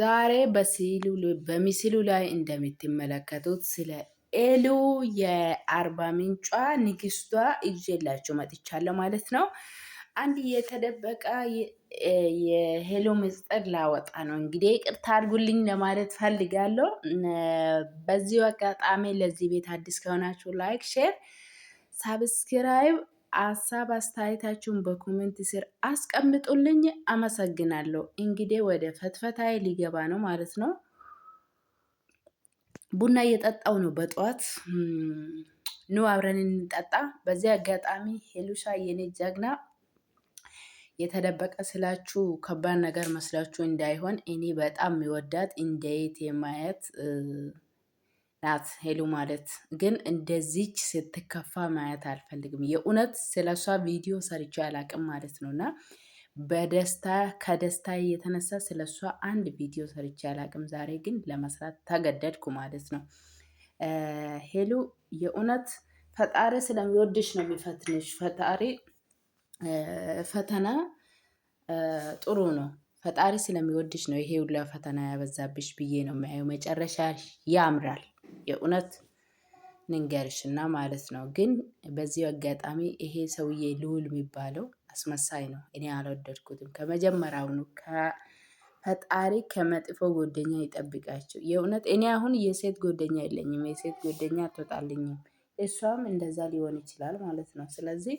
ዛሬ በምስሉ ላይ እንደምትመለከቱት ስለ ኤሉ የአርባ ምንጯ ንግስቷ ይዤላችሁ መጥቻለሁ ማለት ነው። አንድ የተደበቀ የሄሎ ምስጢር ላወጣ ነው። እንግዲህ ይቅርታ አድርጉልኝ ለማለት ፈልጋለሁ። በዚሁ አጋጣሚ ለዚህ ቤት አዲስ ከሆናችሁ ላይክ፣ ሼር፣ ሳብስክራይብ ሀሳብ አስተያየታችሁን በኮሜንት ስር አስቀምጡልኝ። አመሰግናለሁ። እንግዲህ ወደ ፈትፈታዬ ሊገባ ነው ማለት ነው። ቡና እየጠጣው ነው በጠዋት ኑ አብረን እንጠጣ። በዚህ አጋጣሚ ሄሉሻ የኔ ጀግና የተደበቀ ስላችሁ ከባድ ነገር መስላችሁ እንዳይሆን እኔ በጣም የሚወዳት እንደ የማየት ናት ሄሉ ማለት ግን እንደዚች ስትከፋ ማየት አልፈልግም። የእውነት ስለሷ ቪዲዮ ሰርቼ አላቅም ማለት ነው። እና በደስታ ከደስታ የተነሳ ስለሷ አንድ ቪዲዮ ሰርቼ አላቅም። ዛሬ ግን ለመስራት ተገደድኩ ማለት ነው። ሄሉ የእውነት ፈጣሪ ስለሚወድሽ ነው የሚፈትንሽ። ፈጣሪ ፈተና ጥሩ ነው። ፈጣሪ ስለሚወድሽ ነው ይሄ ሁላ ፈተና ያበዛብሽ ብዬ ነው የማየው። መጨረሻ ያምራል። የእውነት ንንገርሽና ማለት ነው። ግን በዚሁ አጋጣሚ ይሄ ሰውዬ ልዑል የሚባለው አስመሳይ ነው። እኔ አልወደድኩትም ከመጀመሪያውኑ። ፈጣሪ ከመጥፎ ጎደኛ ይጠብቃቸው። የእውነት እኔ አሁን የሴት ጎደኛ የለኝም፣ የሴት ጎደኛ አትወጣልኝም። እሷም እንደዛ ሊሆን ይችላል ማለት ነው። ስለዚህ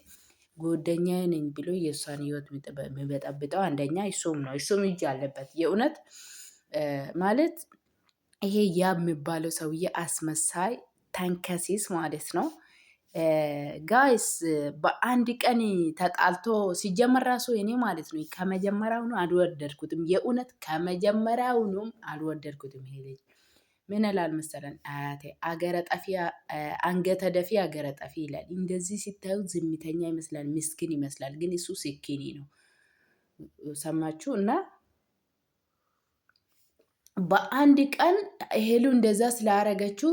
ጓደኛ ነኝ ብሎ የእሷን ህይወት የሚበጠብጠው አንደኛ እሱም ነው። እሱም እጅ አለበት የእውነት ማለት ይሄ ያ የሚባለው ሰውዬ አስመሳይ ተንከሲስ ማለት ነው። ጋይስ በአንድ ቀን ተጣልቶ ሲጀመር ራሱ እኔ ማለት ነው ከመጀመሪያውኑ አልወደድኩትም። የእውነት ከመጀመሪያውኑም አልወደድኩትም። ይሄ ልጅ ምን ላል መሰለን አያቴ አገረ ጠፊ አንገተ ደፊ አገረ ጠፊ ይላል። እንደዚህ ሲታዩ ዝምተኛ ይመስላል፣ ምስኪን ይመስላል፣ ግን እሱ ስኪኒ ነው። ሰማችሁ እና በአንድ ቀን ሄሉ እንደዛ ስላረገችው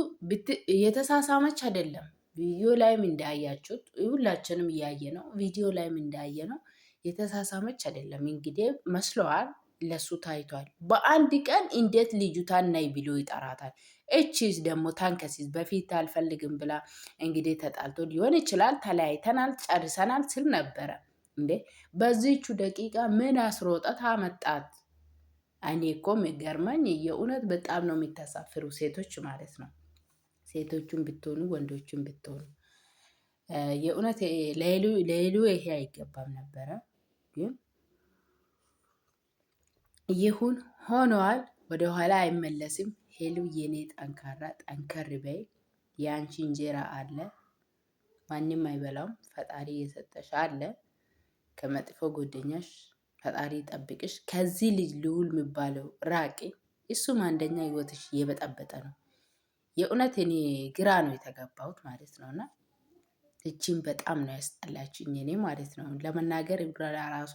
የተሳሳመች አይደለም። ቪዲዮ ላይም እንዳያችሁት ሁላችንም እያየ ነው። ቪዲዮ ላይም እንዳየ ነው። የተሳሳመች አይደለም። እንግዲህ መስለዋል፣ ለሱ ታይቷል። በአንድ ቀን እንዴት ልጁታን ናይ ብሎ ይጠራታል? እቺስ ደግሞ ታንከሲስ በፊት አልፈልግም ብላ እንግዲህ ተጣልቶ ሊሆን ይችላል። ተለያይተናል፣ ጨርሰናል ስል ነበረ እንዴ። በዚቹ ደቂቃ ምን አስሮጠት አመጣት? እኔ እኮ የሚገርመኝ የእውነት በጣም ነው የሚታሳፍሩ ሴቶች ማለት ነው። ሴቶቹም ብትሆኑ ወንዶቹም ብትሆኑ የእውነት ለሌሉ ይሄ አይገባም ነበረ፣ ግን ይሁን ሆነዋል። ወደኋላ አይመለስም። ሄሉ የኔ ጠንካራ ጠንከር በይ፣ የአንቺ እንጀራ አለ፣ ማንም አይበላውም። ፈጣሪ የሰጠሽ አለ ከመጥፎ ጎደኛሽ ፈጣሪ ጠብቅሽ። ከዚህ ልጅ ልውል የሚባለው ራቂ። እሱም አንደኛ ህይወትሽ እየበጠበጠ ነው። የእውነት እኔ ግራ ነው የተገባሁት ማለት ነው። እና እችን በጣም ነው ያስጠላችኝ እኔ ማለት ነው ለመናገር ራሱ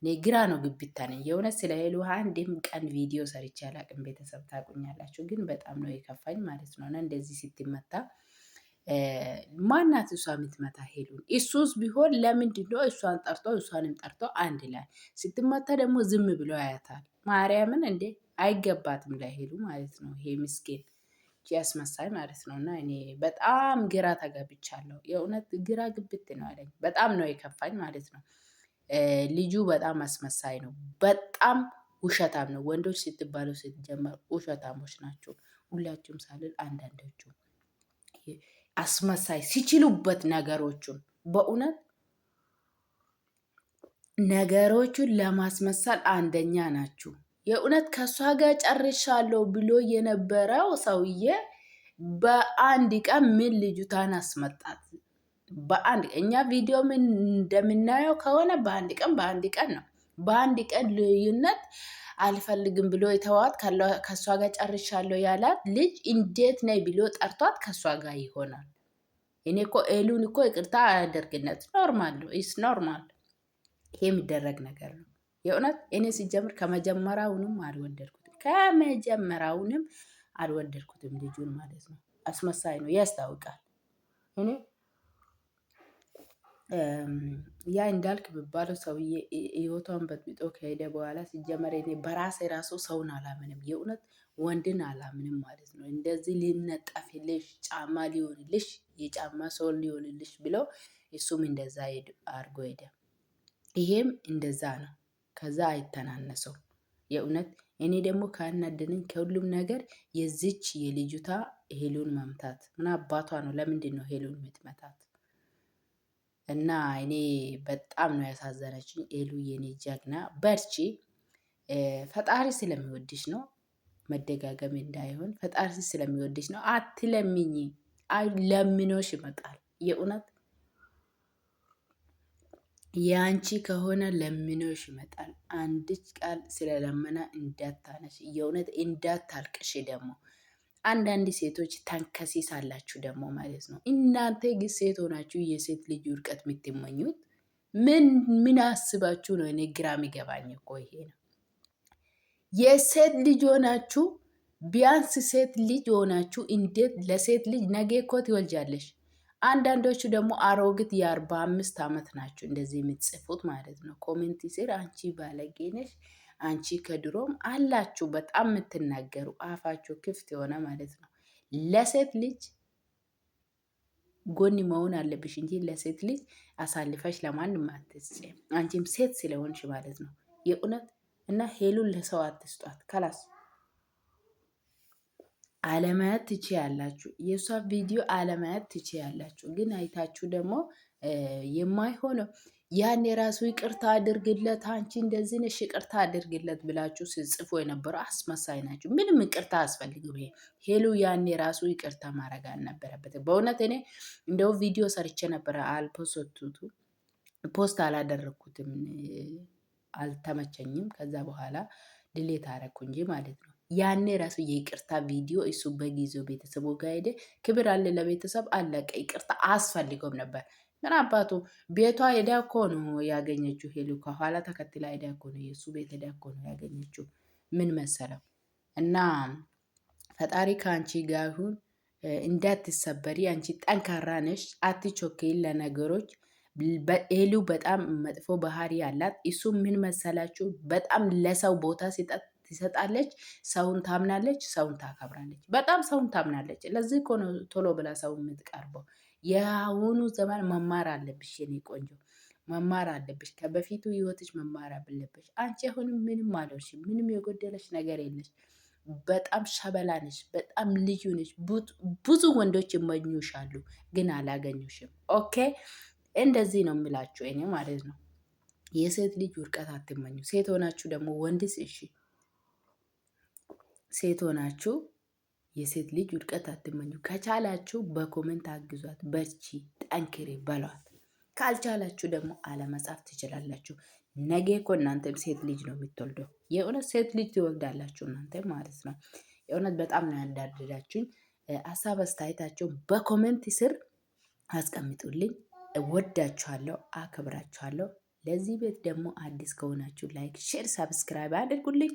እኔ ግራ ነው ግብታ ነኝ የእውነት ስለ ሄሉሃ አንድም ቀን ቪዲዮ ሰርቼ አላቅም። ቤተሰብ ታቁኛላችሁ፣ ግን በጣም ነው የከፋኝ ማለት ነው እና እንደዚህ ስትመታ ማናት እሷ የምትመታ ሄሉን? እሱስ ቢሆን ለምንድን ነው እሷን ጠርቶ እሷንም ጠርቶ አንድ ላይ ስትመታ ደግሞ ዝም ብሎ ያያታል። ማርያምን እንዴ አይገባትም ለሄሉ ማለት ነው። ይሄ ምስኪን ያስመሳይ ማለት ነው። እና እኔ በጣም ግራ ተገብቻለሁ። የእውነት ግራ ግብት ነው ያለኝ። በጣም ነው የከፋኝ ማለት ነው። ልጁ በጣም አስመሳይ ነው። በጣም ውሸታም ነው። ወንዶች ስትባለው ስትጀመር ውሸታሞች ናቸው። ሁላችሁም ሳልል አንዳንዶቹ አስመሳይ ሲችሉበት ነገሮቹን በእውነት ነገሮቹን ለማስመሰል አንደኛ ናችሁ። የእውነት ከእሷ ጋር ጨርሻለሁ ብሎ የነበረው ሰውዬ በአንድ ቀን ምን ልጅቷን አስመጣት? በአንድ እኛ ቪዲዮ እንደምናየው ከሆነ በአንድ ቀን በአንድ ቀን ነው። በአንድ ቀን ልዩነት አልፈልግም ብሎ የተዋት ከእሷ ጋር ጨርሻለሁ ያላት ልጅ እንዴት ነይ ብሎ ጠርቷት ከእሷ ጋር ይሆናል። እኔ እኮ ኤሉን እኮ ይቅርታ አያደርግነት ኖርማል ነው። ኢስ ኖርማል። ይሄ የሚደረግ ነገር ነው። የእውነት እኔ ሲጀምር ከመጀመሪያውንም አልወደድኩትም። ከመጀመሪያውንም አልወደድኩትም ልጁን ማለት ነው። አስመሳይ ነው፣ ያስታውቃል። እኔ ያ እንዳልክ የሚባለው ሰውዬ ህይወቷን በጥብጦ ከሄደ በኋላ ሲጀመር እኔ በራሴ ራሱ ሰውን አላምንም፣ የእውነት ወንድን አላምንም ማለት ነው። እንደዚህ ሊነጠፍልሽ ጫማ ሊሆንልሽ የጫማ ሰው ሊሆንልሽ ብለው እሱም እንደዛ አድርጎ ሄደ። ይሄም እንደዛ ነው። ከዛ አይተናነሰው የእውነት እኔ ደግሞ ካናደነኝ ከሁሉም ነገር የዚች የልጅቷ ሄሉን መምታት ምን አባቷ ነው? ለምንድን ነው ሄሉን የምትመታት? እና እኔ በጣም ነው ያሳዘነችኝ። ኤሉ የኔ ጀግና በርቺ፣ ፈጣሪ ስለሚወድሽ ነው። መደጋገም እንዳይሆን ፈጣሪ ስለሚወድሽ ነው። አትለምኝ፣ ለምኖሽ ይመጣል። የእውነት የአንቺ ከሆነ ለምኖሽ ይመጣል። አንድች ቃል ስለለመና እንዳታነሽ፣ የእውነት እንዳታልቅሽ ደግሞ አንዳንድ ሴቶች ተንከሲስ አላችሁ ደግሞ ማለት ነው። እናንተ ግን ሴት ሆናችሁ የሴት ልጅ ውድቀት የምትመኙት ምን ምን አስባችሁ ነው? እኔ ግራ የሚገባኝ እኮ ይሄ ነው። የሴት ልጅ ሆናችሁ ቢያንስ ሴት ልጅ ሆናችሁ እንዴት ለሴት ልጅ ነገ እኮ ትወልጃለሽ። አንዳንዶቹ ደግሞ አሮግት የአርባ አምስት ዓመት ናችሁ እንደዚህ የምትጽፉት ማለት ነው። ኮሜንት ስር አንቺ ባለጌ ነሽ አንቺ ከድሮም አላችሁ በጣም የምትናገሩ አፋችሁ ክፍት የሆነ ማለት ነው። ለሴት ልጅ ጎን መሆን አለብሽ እንጂ ለሴት ልጅ አሳልፈሽ ለማንም አትስጭም። አንቺም ሴት ስለሆንሽ ማለት ነው። የእውነት እና ሄሉን ለሰው አትስጧት። ከላስ አለማየት ያላችሁ የእሷ ቪዲዮ አለማየት ያላችሁ ግን አይታችሁ ደግሞ የማይሆነው ያን የራሱ ይቅርታ አድርግለት፣ አንቺ እንደዚህ ነሽ ይቅርታ አድርግለት ብላችሁ ስጽፎ የነበሩ አስመሳይ ናቸው። ምንም ይቅርታ አስፈልግም። ይሄ ሄሉ ያን የራሱ ይቅርታ ማድረግ አልነበረበት። በእውነት እኔ እንደው ቪዲዮ ሰርቼ ነበረ፣ አልፖስቱቱ ፖስት አላደረግኩትም፣ አልተመቸኝም። ከዛ በኋላ ድሌት አረግኩ እንጂ ማለት ነው። ያኔ ራሱ የይቅርታ ቪዲዮ እሱ በጊዜው ቤተሰቡ ጋር ሄደ። ክብር አለ ለቤተሰብ አለቀ። ይቅርታ አስፈልገውም ነበር። ምን አባቱ ቤቷ ሄዳ እኮ ነው ያገኘችው። ሄሉ ከኋላ ተከትላ ሄዳ እኮ ነው የእሱ ቤት ሄዳ እኮ ነው ያገኘችው። ምን መሰለው እና ፈጣሪ ከአንቺ ጋር ይሁን፣ እንዳትሰበሪ። አንቺ ጠንካራ ነሽ፣ አትቾክይን ለነገሮች። ሄሉ በጣም መጥፎ ባህሪ አላት። እሱ ምን መሰላችሁ በጣም ለሰው ቦታ ትሰጣለች፣ ሰውን ታምናለች፣ ሰውን ታከብራለች። በጣም ሰውን ታምናለች። ለዚህ እኮ ነው ቶሎ ብላ ሰው የምትቀርበው። የአሁኑ ዘመን መማር አለብሽ የኔ ቆንጆ መማር አለብሽ። ከበፊቱ ህይወትሽ መማር አለብሽ። አንቺ አሁንም ምንም አልሆንሽም። ምንም የጎደለሽ ነገር የለሽ። በጣም ሸበላ ነሽ። በጣም ልዩ ነሽ። ብዙ ወንዶች ይመኙሻሉ፣ ግን አላገኙሽም። ኦኬ እንደዚህ ነው የምላችሁ እኔ ማለት ነው። የሴት ልጅ ውድቀት አትመኙ። ሴት ሆናችሁ ደግሞ ወንድስ እሺ ሴት ሆናችሁ የሴት ልጅ ውድቀት አትመኙ። ከቻላችሁ በኮመንት አግዟት፣ በርቺ፣ ጠንክሬ በሏት። ካልቻላችሁ ደግሞ አለመጻፍ ትችላላችሁ። ነገ እኮ እናንተም ሴት ልጅ ነው የምትወልደው። የእውነት ሴት ልጅ ትወልዳላችሁ እናንተ ማለት ነው። የእውነት በጣም ነው ያንዳደዳችሁኝ። ሀሳብ አስተያየታችሁን በኮመንት ስር አስቀምጡልኝ። ወዳችኋለሁ፣ አከብራችኋለሁ። ለዚህ ቤት ደግሞ አዲስ ከሆናችሁ ላይክ፣ ሼር፣ ሳብስክራይብ አድርጉልኝ።